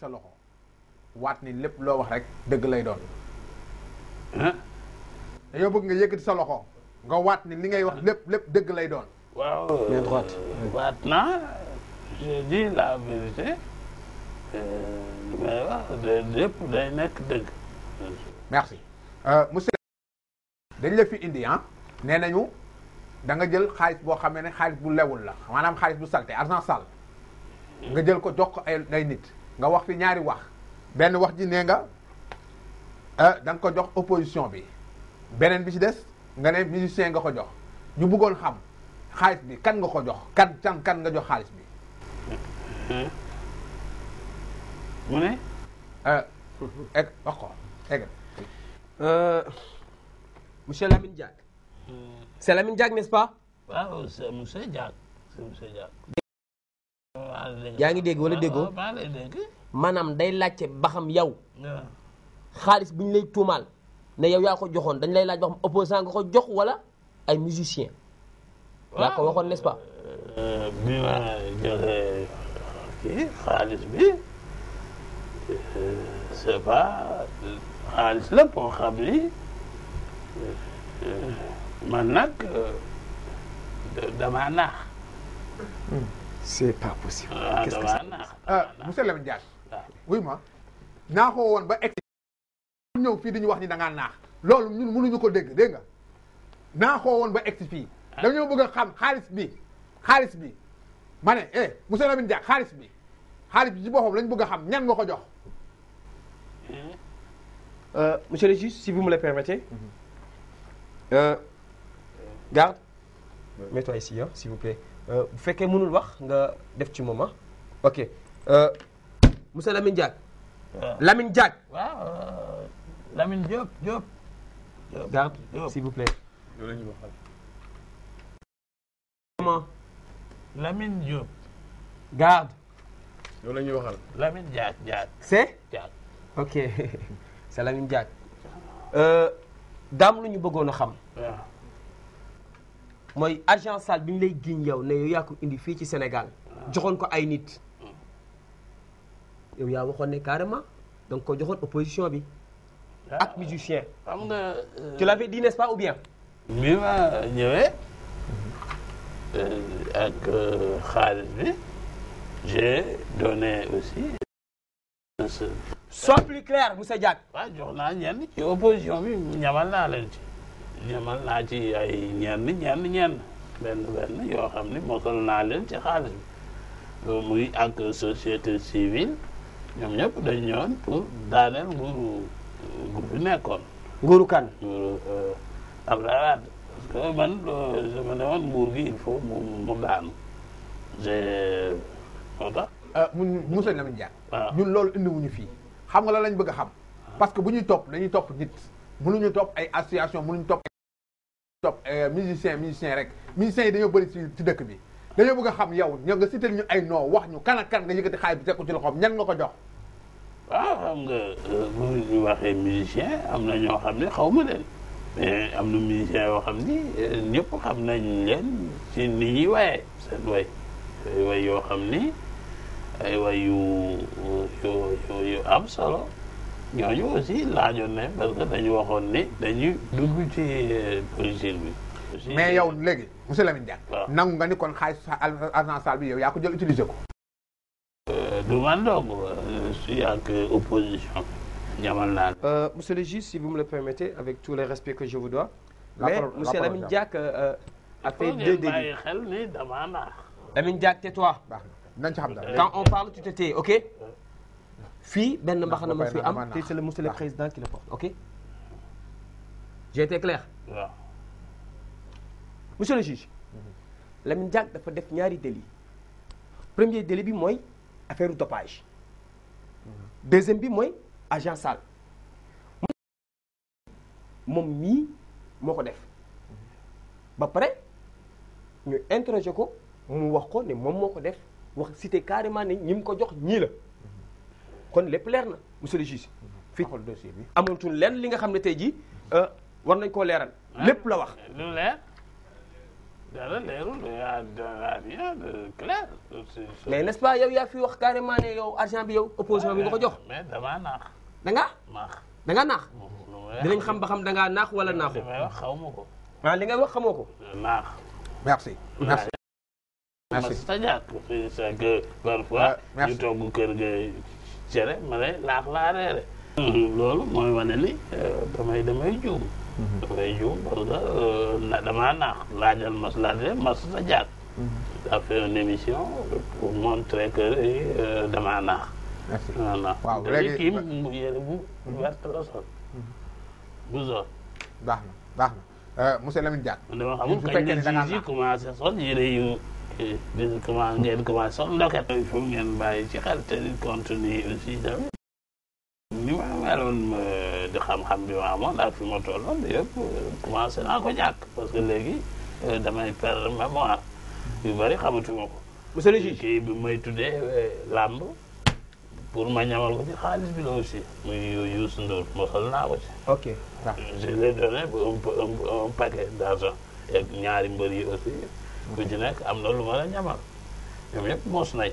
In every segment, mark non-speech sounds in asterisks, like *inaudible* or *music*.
sa loxo waat ni lépp loo wax rek dëgg lay doon dañoo bëgg nga yëkkati sa loxo nga waat ni li ngay wax lépp lépp dëgg lay doon waaw waat naa je dis la vérité li euh, lépp day nekk dëgg merci euh, monsieur dañ la fi indi ah nee nañu da jël xaalis boo xamee ne xaalis bu lewul la maanaam xaalis bu salte argent sale nga jël ko jox ko ay ay nit nga wax fi ñaari wax benn wax ji nee nga ah, da ko jox opposition bi beneen bi ci des nga ne musicien nga ko jox ñu bëggoon xam xaalis bi kan nga ko jox kan can kan nga jox xaalis bi. mu ne. Ah, egg wax ko egg. Euh, monsieur Lamine Diack. Hmm. c'est Lamine Diack nest pas. yaa ngi dégg wala déggoo maanaam day laajte ba xam yow xaalis bu ñu lay tuumaal ne yow yaa ko joxoon dañ lay laaj ba xam opposant nga ko jox wala ay musicien yaa ko waxoon n'est-ce euh, bi ma joxee kii xaalis bi euh, c'est pas xaalis la boo xam ni euh, man nag damaa naax hmm. c'est pas possible. Ah, qu'est-ce que c'est ah, euh, ah monsieur ah. Lamine Diagne. waaw ma naaxoo woon ba egg. ñëw fii di wax ni da ngaa naax. loolu mënuñu ko dégg dégg nga woon ba egg fii. dañoo bëgg a xam xaalis bi xaalis bi ma ne eh monsieur Lamine xaalis bi xaalis bi ci boppam lañ bëgg a xam ñan nga ko jox. Eh? Euh, monsieur le juge si vous me le permettez. Mm-hmm. Euh, garde. mets-toi ici hein, s'il vous plaît. Euh, bu fekkee mënul wax nga def ci moom ok euh, monsieur Lamine Diack. Ah. Lamine Diack. waaw euh, Lamine Diop Diop. Garde, s'il vous plaît. comment. Lamine Diop. Garde. Lamine Diack Diack. c'est. ok *laughs* c'est Lamine Diack. daam lu bëggoon a xam. Ah. mooy argent sale bi ñu lay giñ yow ne yow yaa ko indi fii ci Sénégal joxoon ko ay nit yow yaa waxoon ne carrément donc ko joxoon opposition bi ah. ak musicien xam nga euh, tu l'avais dit n'est-ce pas ou bien bi ma ñëwee euh, ak euh, xaalis bi j'ai donné aussi sois plus clair monsieur Diack waaw jox naa ñenn ci opposition bi ñamal naa leen ci ñamal naa ci ay ñenn ñenn ñenn benn benn yoo xam ne mokkal naa leen ci xaalis bi muy ak société civile ñoom ñëpp dañ ñëwoon pour daaneel nguuru nguur bi nekkoon nguuru kan nguuru euh, Abdoulaye Wade parce que man euh, je me ne woon nguur gi il faut mu mu daanu je moo tax mun monsa lamuñ ñun loolu indiwuñu fii xam nga la lañ bëgg a xam ah. parce que bu ñuy topp dañuy topp nit mënuñu topp ay association mënuñu topp top euh, musicien musicien rek musiciens yi dañoo bëri ci ci dëkk bi dañoo bëgg a xam yow ñoo nga cité ñu ay noo wax ñu kan kan nga yëkkati xaalis bi teg ko ci loxoom ñan nga ko jox. waaw xam nga euh, bu ñu waxee musicien am na ñoo xam ne xaw ma leen mais am na musicien yoo xam ni euh, ñëpp xam nañ leen si ni ñuy waaye seen way way yoo xam ni ay way yu yu yu am solo. ñooñu aussi laajoon nañ parce que dañu waxoon ni dañuy dugg ci politique euh, bi. mais yow léegi monsieur Lamine Diack. nangu nga ni kon xaalis agent Sall bi yow yaa ko jël utiliser ko. Euh, du man donc euh, si ak opposition ñamal naa. monsieur le juge si vous me le permettez avec tous les respects que je vous dois. mais monsieur Lamine Diack a fait deux débuts. xel ni damaa naax. Lamine Diack tais-toi. nañ ci xam dara quand on parle tu te tais ok. fii benn mbaxana ma fi am te c'est le monsieur le président qui le porte ok j'ai été clair waaw le juge mhm. Lamine Diack dafa def ñaari délit premier délit bi mooy affaire dopage mhm. deuxième bi mooy agent sale moom mii moo ko def mhm. ba pare ñu interroger ko mu wax ko ne moom moo ko def wax cité carrément ne ñi ko jox ñii la kon lépp leer na monsieur le juge fii dossier li nga xam ne tey jii euh, war nañ koo leeral ah, lépp la wax lu leer dara leerul rien de mais nest pas yow yaa fi wax carrément ne yow argent bi yow opposition bi nga ko jox ah, mais damaa naax da ngaa da ngaa naax dinañ xam ba xam da ngaa naax wala naaxu xaw ma ko ah li ngay wax xam ko naax merci merci merci. Ah, merci. cere ma ne laax laa reere mhm, loolu mooy wane ni euh, damay damay juum mhm. damay juum parce que euh, na damaa naax mas laajal mas sa jaag mhm. daa fait une émission pour montrer que euh, damaa naax waaw léegi kii mu yére bu verte la sol bu zor baax na baax na monsieur Lamine Diack dama xamul kañ la ji commencé sol yére yu dina ci xel te di ni ma meloon di xam-xam bi ma amoon ak fi ma tolloon yëpp commencé naa ko ñàkk parce que léegi euh, damay perdre mémoire yu bëri xamatuma ko monsieur le juge kii bi may tuddee euh, làmb pour ma ñamal ko ci xaalis bi la aussi muy Youssou Ndour mosal naa ko ci ok je l'ai donné un paquet d'argent ak ñaari mbër yi aussi ku ci nekk am na ma la ñamal ñoom yëpp mos nañ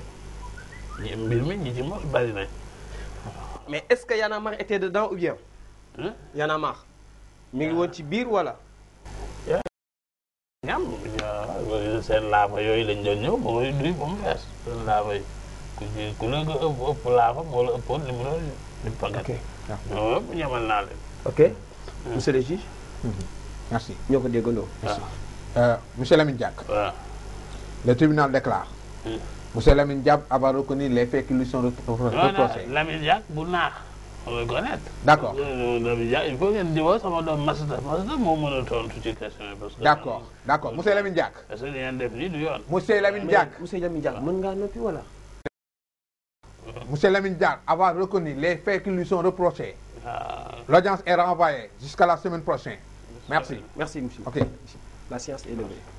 mbir mi ñi ci mos bari nañ. mais est-ce que Y'en a marre ou bien. Y'en a ngi woon ci biir wala. ñam seen laafa yooyu lañ doon ñëw ba mooy duy ba mu fees seen laafa yi ku ci ku la nga ëpp laafa moo la ëppoon li mu doon li pagat ñoom yëpp ñamal naa leen ok monsieur le merci ñoo ko déggandoo Euh, monsieur Lamine Diack. le tribunal déclare. monsieur Lamine Diack a reconnu les faits qui lui sont reprochés. Lamine Diack bu naax. Euh, Lamine Diack a tontu ci question yi. parce que d'accord d'accord monsieur Lamine Diack. parce que li monsieur Lamine Diack monsieur Lamine Diack mën ngaa noppi wala. monsieur Lamine Diack avoir reconnu les faits qui lui ah. jusqu'à la semaine prochaine. la science est